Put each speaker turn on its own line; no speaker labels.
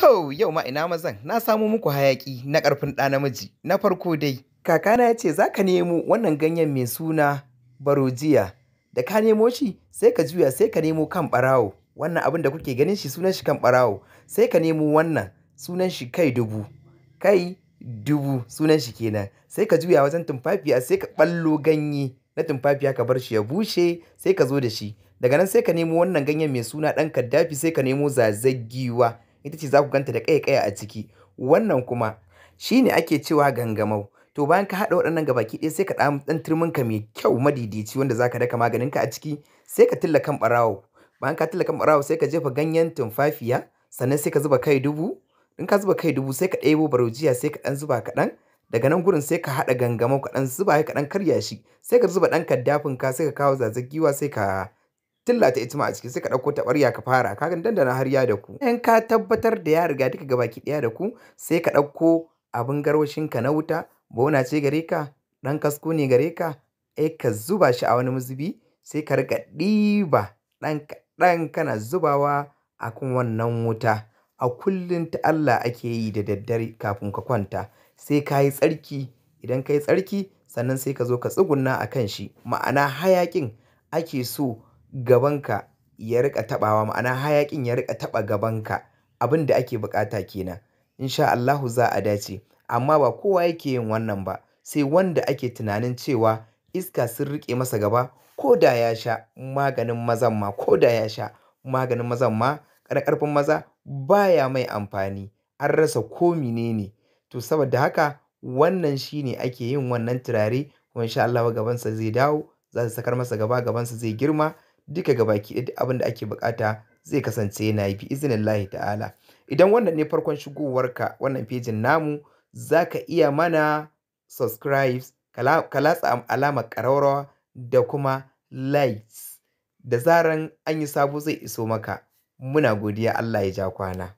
To yau ma ina mazan na samo muku hayaki na ƙarfin ɗa namiji na farko dai. Kakana ya ce za ka nemo wannan ganyen mai suna barojiya da ka nemo shi sai ka juya sai ka nemo kan ɓarawo wannan abin da kuke ganin shi sunan shi kan ɓarawo sai ka nemo wannan sunan shi kai dubu kai dubu sunan shi kenan sai ka juya wajen tumfafiya sai ka ɓallo ganye na tumfafiya ka bar shi ya bushe sai ka zo da shi daga nan sai ka nemo wannan ganyen mai suna ɗan kaddafi sai ka nemo zazzagiwa ita ce za ku ganta da ƙaiƙaya a ciki wannan kuma shi ne ake cewa gangamau to bayan ka haɗa waɗannan gabaki ɗaya sai ka ɗan turmin ka mai kyau madidici wanda za ka daka ka a ciki sai ka tilla kan ɓarawo bayan ka tilla kan ɓarawo sai ka jefa ganyen tumfafiya sannan sai ka zuba kai dubu in ka zuba kai dubu sai ka ɗebo barojiya sai ka ɗan zuba kaɗan daga nan gurin sai ka haɗa gangamau ka ɗan zuba ka ɗan karya shi sai ka zuba ɗan kaddafin ka sai ka kawo zazzagiwa sai ka tilla ta itima a ciki sai ka ɗauko taɓarya ka fara ka gan dandana har ya da ku in ka tabbatar da ya riga duka gabaki ɗaya da ku sai ka ɗauko abin garwashin ka na wuta bona ce gare ka ɗan kasko ne gare ka eh ka zuba shi a wani mazubi sai ka riƙa ɗiba ɗan kaɗan kana zubawa a kan wannan wuta a kullum ta Allah ake yi da daddare kafin ka kwanta sai ka yi tsarki idan ka yi tsarki sannan sai ka zo ka tsugunna a kan shi ma'ana hayaƙin ake so gabanka ya rika taɓawa ma'ana hayaƙin ya rika taɓa gabanka abin da ake buƙata kenan insha Allahu za a dace amma ba kowa yake yin wannan ba sai wanda ake tunanin cewa iska sun riƙe masa gaba ko da ya sha maganin mazan ma ko da ya sha maganin mazan ma ƙarfin maza baya mai amfani an rasa ko ne. to saboda haka wannan shine ake yin wannan turare kuma insha Allahu gabansa zai dawo za su sakar masa gaba gabansa zai girma duka gabaki ɗaya abin da ake bukata zai kasance yana yi izinin lahi ta'ala idan wannan ne farkon shigowarka wannan fejin namu za ka iya mana subscribes ka latsa alamar ƙararrawa da kuma likes da zaran an yi sabo zai iso maka muna godiya Allah ya ja kwana